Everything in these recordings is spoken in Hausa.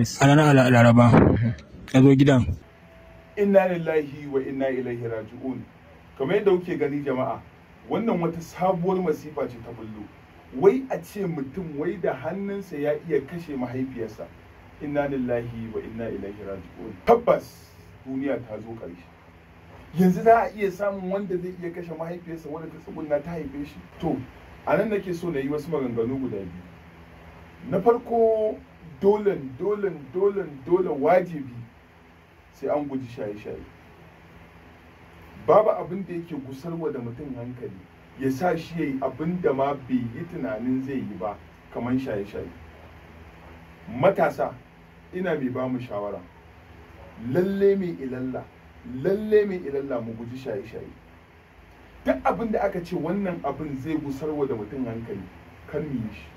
a ranar laraba ya zo gidan inna lillahi wa inna ilaihi raji'un kamar yadda kuke gani jama'a wannan wata sabuwar masifa ce ta bullo wai a ce mutum wai da hannunsa ya iya kashe mahaifiyarsa inna lillahi wa inna ilaihi raji'un tabbas duniya ta zo ƙarshe yanzu za a iya samun wanda zai iya kashe mahaifiyarsa wanda ta tsugunna ta haife shi to a nan nake so na yi wasu maganganu guda biyu na farko dolen dolen dolen dolen wajibi sai an guji shaye-shaye babu abin da yake gusarwa da mutum hankali ya sa shi ya yi abin da ma bai yi tunanin zai yi ba kamar shaye-shaye matasa ina mai ba mu shawara lalle mai ilalla lalle mai ilalla mu guji shaye-shaye duk abin da aka ce wannan abin zai gusarwa da mutum hankali kan mu yi shi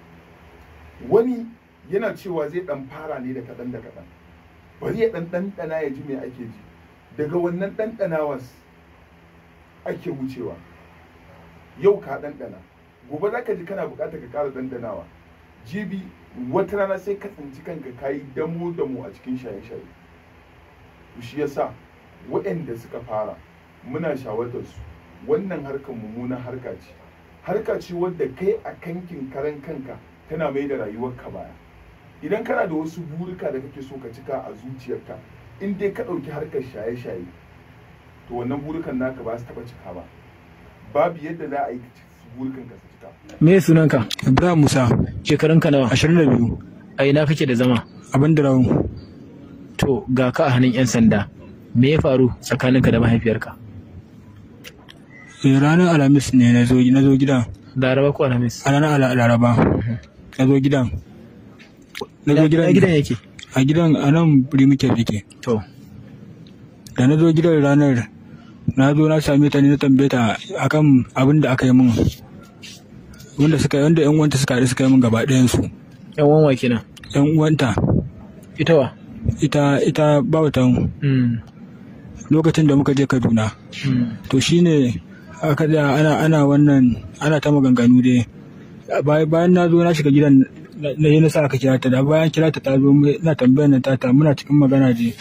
wani yana cewa zai dan fara ne da kaɗan da kaɗan bari ya dan ɗanɗana ya ji me ake ji daga wannan ɗanɗanawas ake wucewa yau ka ɗanɗana gobe za ka ji kana buƙatar ka ƙara ɗanɗanawa jibi wata rana sai ka tsinci kanka ka yi damo damo a cikin shaye-shaye shi yasa waɗanda suka fara muna shawartar su wannan harkar mummunan harka ce harka ce wadda kai a kankin karan kanka tana mai da rayuwarka baya idan kana da wasu burika da kake so ka cika a zuciyarka in dai ka ɗauki harkar shaye-shaye to wannan burikan naka ba su taɓa cika ba babu yadda za a yi burikan ka su cika me sunanka ibrahim musa Shekarun ka nawa 22 a ina kake da zama abin da rawu to ga ka a hannun yan sanda me ya faru tsakaninka da mahaifiyarka eh, ranar alhamis ne na zo gida laraba ko alhamis a ranar alaraba mhm. na zo gidan na zo gidan gidan yake a gidan a nan birni ke yake to da na zo gidan ranar na zo na same ta ne na tambeta a akan abin da aka yi min wanda suka wanda yan uwanta suka yi suka yi min gaba ɗayan su yan uwan kina yan uwanta ita wa ita ita bawatan hmm. lokacin da muka je Kaduna hmm. to shine aka ana ana wannan ana ta maganganu dai bayan na zo na shiga gidan na yi nasa aka kira ta da bayan kira ta ta zo na tambayar na tata muna cikin magana je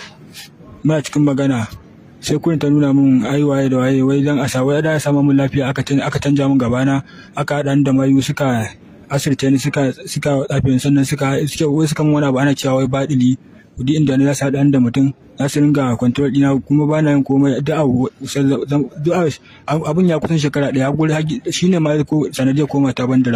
muna cikin magana sai kun ta nuna min ai waye da waye wai dan asa wai da ya samu mun lafiya aka aka canja min gabana aka hada da mayu suka asirce ni suka suka tsafin sannan suka suka wai suka mun wani abu ana cewa wai badili duk inda na za su haɗa da mutum za su ringa kwantar ɗina kuma ba na yin komai abin ya kusan shekara ɗaya shi ne ma sanadiyar koma ta ban da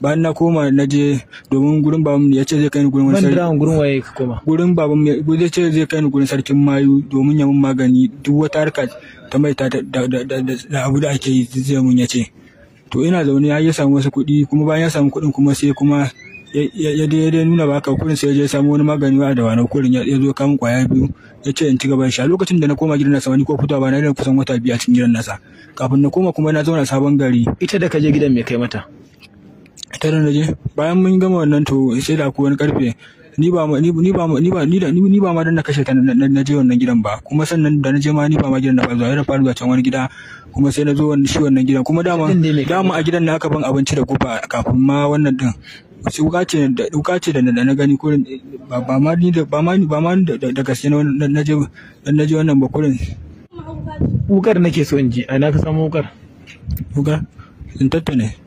bayan na koma na je domin gurin baban ya ce zai kai ni gurin wani sarki gurin waye ka koma gurin baban ya ce zai kai ni gurin sarkin mayu domin ya mun magani duk wata harka ta mai ta da abu da ake yi zai mun ya ce to ina zaune ya samu wasu kuɗi kuma bayan ya samu kuɗin kuma sai kuma ya dai nuna baka kurin sai ya je samu wani magani wa da wani kurin ya zo kama kwaya biyu ya ce in ci gaba sha lokacin da na koma gidan nasa wani ko fitowa ba na da kusan wata biyu a cikin gidan nasa kafin na koma kuma na zauna sabon gari ita da ka je gidan me kai mata ita da je bayan mun gama wannan to sai da ku wani karfe ni ba ni ba ni ba ni da ni ba ma dan na kashe ta na je wannan gidan ba kuma sannan da na je ma ni ba ma gidan na ba zuwa na faru zuwa can wani gida kuma sai na zo wannan shi wannan gidan kuma dama dama a gidan na aka ban abinci da guba kafin ma wannan din wace wuka ce da wuka ce da na gani kurin ba ma ni da ba ma ni ba ma ni da gaske na je na je wannan ba kurin wukar nake so in ji a na ka samu wukar wuka sun tattane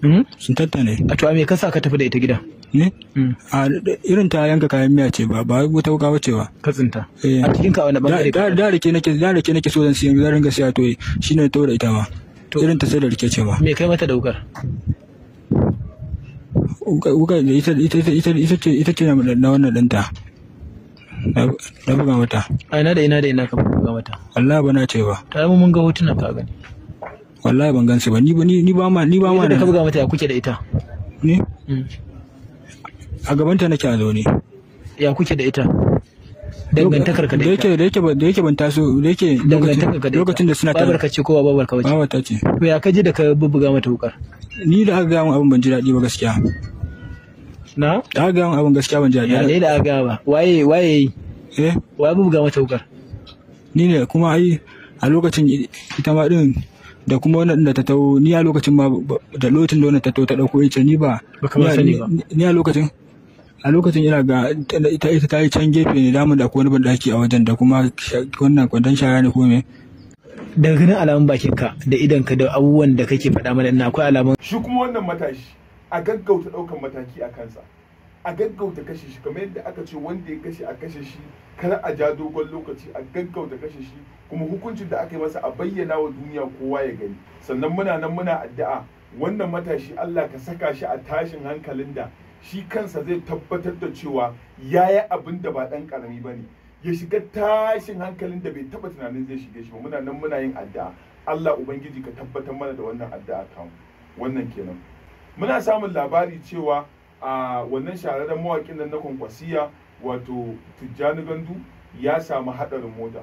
hmm? sun tattane a to me ka ka tafi da ita gida ne hmm. a irin ta yanka kayan miya ce ba ba wata wuka wace ba Katsinta. Eh. a cikin ka wani bangare da da rake nake da rake nake so zan siya zan ringa siya to shine to da ita ma irin ta sai da rike ce ba me kai mata da wukar kuka da ita ita ita ita ce ita ce na wannan ɗinta na buga mata a ina da ina da ina ka buga mata wallahi ba na ce ba ta mu mun ga hotunan ka gani wallahi ban gansu ba ni ba ni ba ma ni ba ma da ka buga mata ya kuke da ita Ni mm. a gabanta nake a zaune ya kuke da ita dangantakar ka da yake da yake da yake ban taso da yake lokacin da suna tare babarka ce ko babarka wace ta ce to ya kaji da ka bubbuga mata wukar ni da aka ga abin ban ji daɗi ba gaskiya na da aka ga abin gaskiya ban ji daɗi ya da aka ga ba waye waye eh waye bubbuga mata wukar ni ne kuma ai a lokacin ita ma din da kuma wannan da ta tau ni a lokacin ma da lokacin da wannan ta tau ta dauko ita ni ba. Sani ba ni a lokacin a lokacin ina ga ita ita ta yi can gefe ne damu da akwai wani a wajen da kuma wannan kwandon shara ne ko me daga ganin alamun bakin ka da idan ka da abubuwan da kake faɗa mana ina akwai alamun shi kuma wannan matashi a gaggauta ɗaukan mataki a kansa a gaggauta kashe shi kamar yadda aka ce wanda ya kashe a kashe shi kar a ja dogon lokaci a gaggauta kashe shi kuma hukuncin da aka yi masa a bayyana wa duniya kowa ya gani sannan muna nan muna addu'a wannan matashi Allah ka saka shi a tashin hankalin da shi kansa zai tabbatar da cewa ya yi abin da ba ɗan ƙarami ba ne ya shiga tashin hankalin da bai taɓa tunanin zai shige shi ba muna nan muna yin addu'a Allah ubangiji ka tabbatar mana da wannan addu'a ta wannan kenan muna samun labari cewa a wannan shahararren mawaƙin nan na kwankwasiya wato Tijjani Gandu ya samu haɗarin mota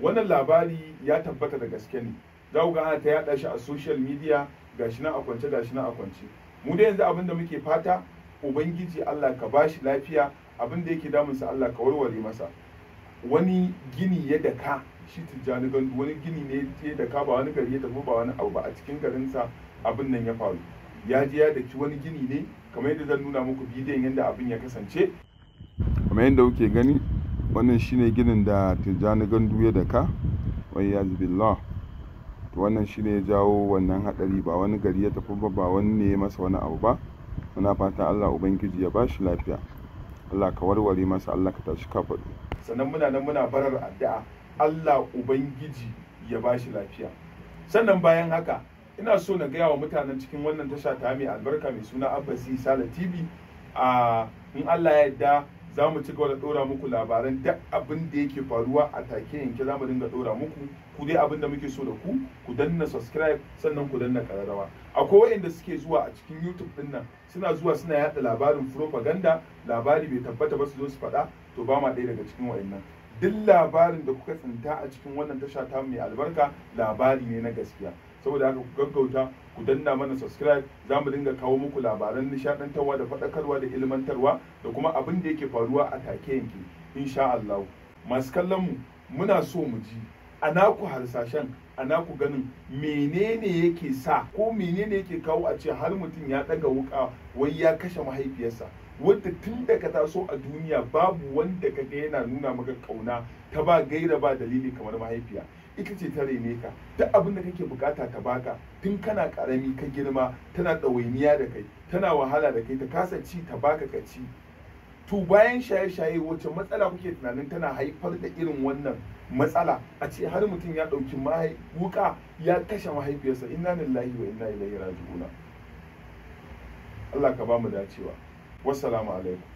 wannan labari ya tabbata da gaske ne za ku ga ana ta yaɗa shi a social media gashi nan a kwance gashi nan a kwance mu da yanzu abin da muke fata ubangiji Allah ka bashi lafiya abin da yake damunsa Allah ka warware masa wani gini ya daka shi tijjani gandu wani gini ne ya daka ba wani gari ya tafi ba wani abu ba a cikin garinsa abin nan ya faru ya je ya daki wani gini ne kamar yadda zan nuna muku bidiyon yadda abin ya kasance kamar yadda kuke gani wannan shine ginin da tijjani gandu ya daka wai ya billah to wannan shine ya jawo wannan hadari ba wani gari ya tafi ba ba wani ne ya masa wani abu ba muna fata Allah ubangiji ya bashi lafiya Allah ka warware masa Allah ka tashi ka faɗo sannan muna nan muna barar addu'a Allah ubangiji ya bashi lafiya sannan bayan haka ina so na gaya wa mutanen cikin wannan tasha ta mai albarka mai suna Abba Isa TV a in Allah ya yarda za mu ci gaba da ɗora muku labaran duk abin da yake faruwa a take yanke za mu dinga ɗora muku ku dai abin da muke so da ku ku danna subscribe sannan ku danna kararrawa akwai waɗanda suke zuwa a cikin youtube din nan suna zuwa suna yaɗa labarin propaganda labari bai tabbata ba su zo su faɗa to ba ma ɗaya daga cikin waɗannan duk labarin da kuka tsinta a cikin wannan tasha ta mai albarka labari ne na gaskiya saboda haka ku gaggauta ku danna mana subscribe za mu dinga kawo muku labaran nishadantarwa da faɗakarwa da ilmantarwa da kuma abin da yake faruwa a take yanki insha Allah masu kallon mu muna so mu ji a naku harsashen a naku ganin menene yake sa ko menene yake kawo a ce har mutum ya ɗaga wuka wai ya kashe mahaifiyarsa wadda tun da taso a duniya babu wanda kaga yana nuna maka kauna ta ba gaira ba dalili kamar mahaifiya ita ce ta rene ka duk abin da kake bukata ta baka tun kana karami ka girma tana ɗawainiya da kai tana wahala da kai ta kasa ci ta baka ka ci to bayan shaye-shaye wacce matsala kuke tunanin tana haifar da irin wannan matsala a ce har mutum ya ɗauki wuka ya kashe mahaifiyarsa inna lillahi wa inna ilaihi raji'una Allah ka ba mu dacewa wassalamu alaikum